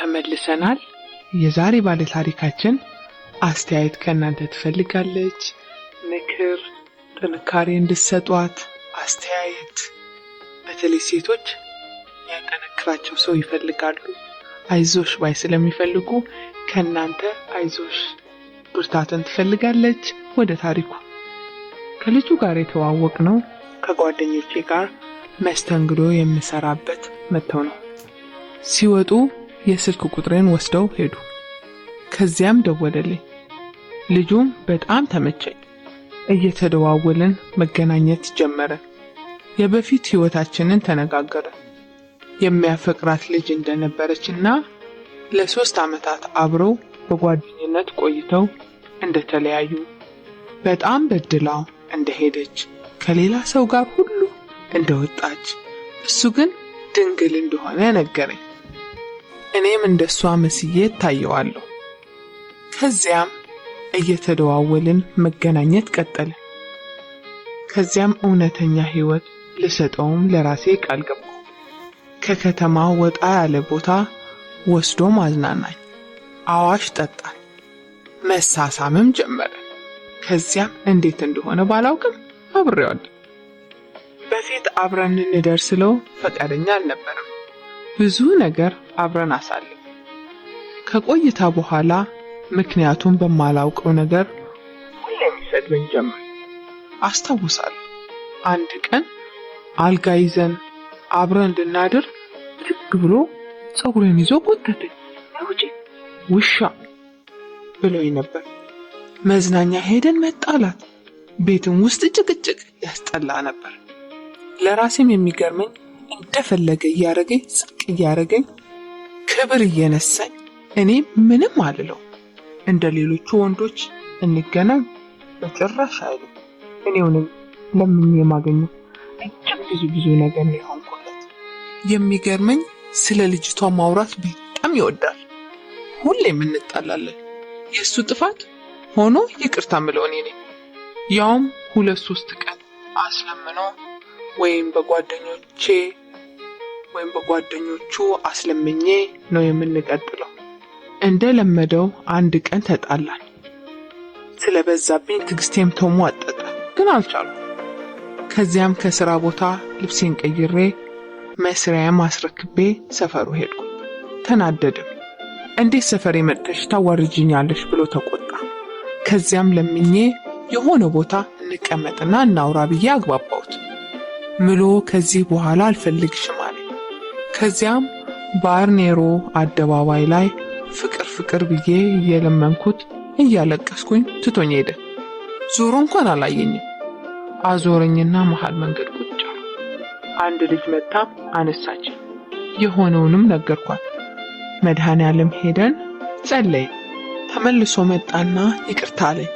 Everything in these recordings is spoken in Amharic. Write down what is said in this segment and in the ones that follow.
ተመልሰናል። የዛሬ ባለ ታሪካችን አስተያየት ከእናንተ ትፈልጋለች። ምክር፣ ጥንካሬ እንድትሰጧት አስተያየት፣ በተለይ ሴቶች ያጠነክራቸው ሰው ይፈልጋሉ። አይዞሽ ባይ ስለሚፈልጉ ከእናንተ አይዞሽ ብርታትን ትፈልጋለች። ወደ ታሪኩ ከልጁ ጋር የተዋወቅ ነው ከጓደኞቼ ጋር መስተንግዶ የምሰራበት መጥተው ነው ሲወጡ የስልክ ቁጥሬን ወስደው ሄዱ። ከዚያም ደወለልኝ። ልጁም በጣም ተመቸኝ። እየተደዋወልን መገናኘት ጀመረ የበፊት ህይወታችንን ተነጋገረ የሚያፈቅራት ልጅ እንደነበረች እና ለሶስት ዓመታት አብረው በጓደኝነት ቆይተው እንደተለያዩ በጣም በድላው እንደሄደች ከሌላ ሰው ጋር ሁሉ እንደወጣች እሱ ግን ድንግል እንደሆነ ነገረኝ። እኔም እንደሷ መስዬ እታየዋለሁ። ከዚያም እየተደዋወልን መገናኘት ቀጠለ። ከዚያም እውነተኛ ህይወት ልሰጠውም ለራሴ ቃል ገባ። ከከተማ ወጣ ያለ ቦታ ወስዶ ማዝናናኝ፣ አዋሽ ጠጣን፣ መሳሳምም ጀመረ። ከዚያም እንዴት እንደሆነ ባላውቅም አብሬዋለሁ። በፊት አብረን እንደርስለው ፈቃደኛ አልነበረም። ብዙ ነገር አብረን አሳልፍ። ከቆይታ በኋላ ምክንያቱም በማላውቀው ነገር ሁሌም ይሰድበኝ ጀመር። አስታውሳለሁ አንድ ቀን አልጋ ይዘን አብረን እንድናድር ብድግ ብሎ ፀጉሬን ይዞ ጎተተኝ። ውጪ ውሻ ብሎኝ ነበር። መዝናኛ ሄደን መጣላት፣ ቤትም ውስጥ ጭቅጭቅ ያስጠላ ነበር። ለራሴም የሚገርመኝ እንደፈለገ እያደረገኝ ዝቅ እያደረገኝ ክብር እየነሳኝ እኔ ምንም አልለው። እንደ ሌሎቹ ወንዶች እንገናኝ በጭራሽ አይሉ እኔውንም ለምን የማገኙ እጅግ ብዙ ብዙ ነገር የሆንኩለት። የሚገርመኝ ስለ ልጅቷ ማውራት በጣም ይወዳል። ሁሌም እንጣላለን። የእሱ ጥፋት ሆኖ ይቅርታ ምለው እኔ ነኝ። ያውም ሁለት ሶስት ቀን አስለምኖ ወይም በጓደኞቼ ወይም በጓደኞቹ አስለምኜ ነው የምንቀጥለው። እንደ ለመደው አንድ ቀን ተጣላን። ስለበዛብኝ ቶሞ አጠጠ ግን አልቻሉ። ከዚያም ከስራ ቦታ ልብሴን ቀይሬ መስሪያም አስረክቤ ሰፈሩ ሄድኩ። ተናደድም። እንዴት ሰፈሬ መጥተሽ ታዋርጅኛለሽ ብሎ ተቆጣ። ከዚያም ለምኜ የሆነ ቦታ እንቀመጥና እናውራ ብዬ አግባባሁት። ምሎ ከዚህ በኋላ አልፈልግሽም ከዚያም ባርኔሮ አደባባይ ላይ ፍቅር ፍቅር ብዬ እየለመንኩት እያለቀስኩኝ ትቶኝ ሄደ። ዞሮ እንኳን አላየኝም። አዞረኝና መሃል መንገድ ቁጭ አንድ ልጅ መጣ፣ አነሳች። የሆነውንም ነገርኳት። መድሃን ያለም ሄደን ጸለይ። ተመልሶ መጣና ይቅርታ አለኝ።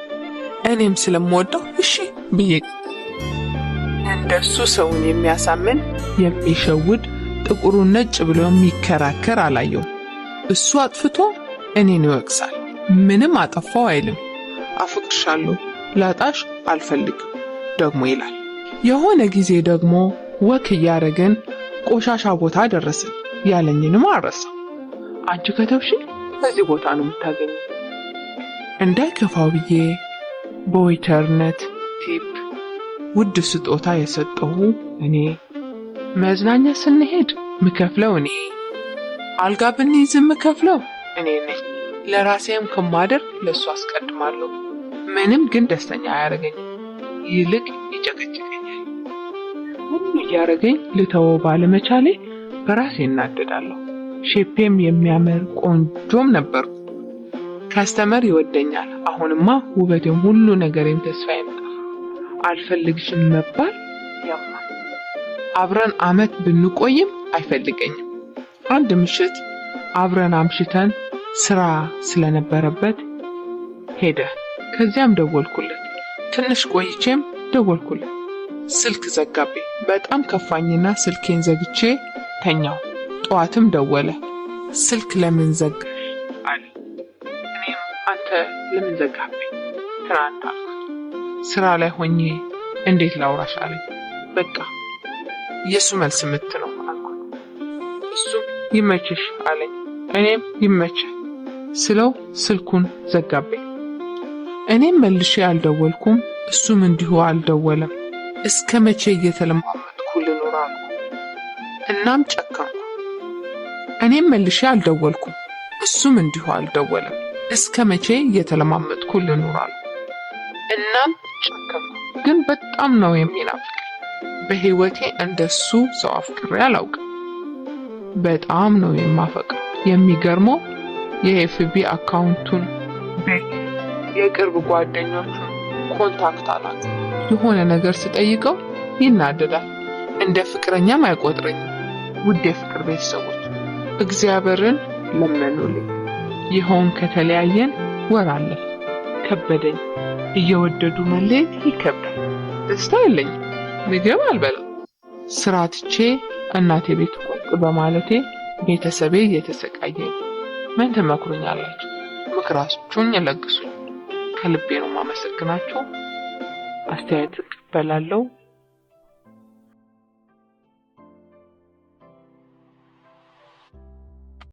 እኔም ስለምወደው እሺ ብዬ እንደሱ ሰውን የሚያሳምን የሚሸውድ ጥቁሩ ነጭ ብሎ የሚከራከር አላየው። እሱ አጥፍቶ እኔን ይወቅሳል። ምንም አጠፋው አይልም። አፍቅርሻለሁ፣ ላጣሽ አልፈልግም ደግሞ ይላል። የሆነ ጊዜ ደግሞ ወክ እያደረግን ቆሻሻ ቦታ ደረስን። ያለኝንም አረሳው። አንቺ ከተብሽ እዚህ ቦታ ነው የምታገኝ። እንዳይከፋው ብዬ በዌይተርነት ቲፕ ውድ ስጦታ የሰጠሁ እኔ መዝናኛ ስንሄድ ምከፍለው እኔ፣ አልጋ ብንይዝ ምከፍለው እኔ ነኝ። ለራሴም ከማደር ለእሱ አስቀድማለሁ። ምንም ግን ደስተኛ አያደርገኝም፣ ይልቅ ይጨቀጭቀኛል። ሁሉ እያደረገኝ ልተወ ባለመቻሌ በራሴ እናደዳለሁ። ሼፔም የሚያምር ቆንጆም ነበርኩ። ከስተመር ይወደኛል። አሁንማ ውበቴም ሁሉ ነገሬም ተስፋዬም አልፈልግሽም መባል አብረን አመት ብንቆይም አይፈልገኝም። አንድ ምሽት አብረን አምሽተን ስራ ስለነበረበት ሄደ። ከዚያም ደወልኩለት። ትንሽ ቆይቼም ደወልኩለት፣ ስልክ ዘጋብኝ። በጣም ከፋኝና ስልኬን ዘግቼ ተኛው። ጠዋትም ደወለ። ስልክ ለምን ዘጋሽ አለ። እኔም አንተ ለምን ዘጋብኝ ትናንት አልኩት። ስራ ላይ ሆኜ እንዴት ላውራሽ አለኝ። በቃ የእሱ መልስ ምት ነው አልኩት። እሱም ይመችሽ አለኝ። እኔም ይመች ስለው ስልኩን ዘጋብኝ። እኔም መልሼ አልደወልኩም፣ እሱም እንዲሁ አልደወለም። እስከ መቼ እየተለማመጥኩ ልኖር አልኩ። እናም ጨከምኩ። እኔም መልሼ አልደወልኩም፣ እሱም እንዲሁ አልደወለም። እስከ መቼ እየተለማመጥኩ ልኖር አልኩ። እናም ጨከምኩ። ግን በጣም ነው የሚናፍ በህይወቴ እንደሱ ሰው አፍቅሬ አላውቅም። በጣም ነው የማፈቅር። የሚገርመው የኤፍቢ አካውንቱን የቅርብ ጓደኞቹን ኮንታክት አላት። የሆነ ነገር ስጠይቀው ይናደዳል። እንደ ፍቅረኛም አይቆጥረኝም። ውድ የፍቅር ቤተሰቦች እግዚአብሔርን ለመኑልኝ። ይኸውን ከተለያየን ወር አለፈ። ከበደኝ። እየወደዱ መለየት ይከብዳል። ደስታ የለኝም። ምግብ አልበላ ስራ ትቼ እናቴ ቤት ቁጭ በማለቴ ቤተሰቤ እየተሰቃየ ምን ትመክሩኛላችሁ? ምክራችሁን ለግሱኝ። ከልቤ ነው ማመሰግናችሁ። አስተያየት እቀበላለሁ።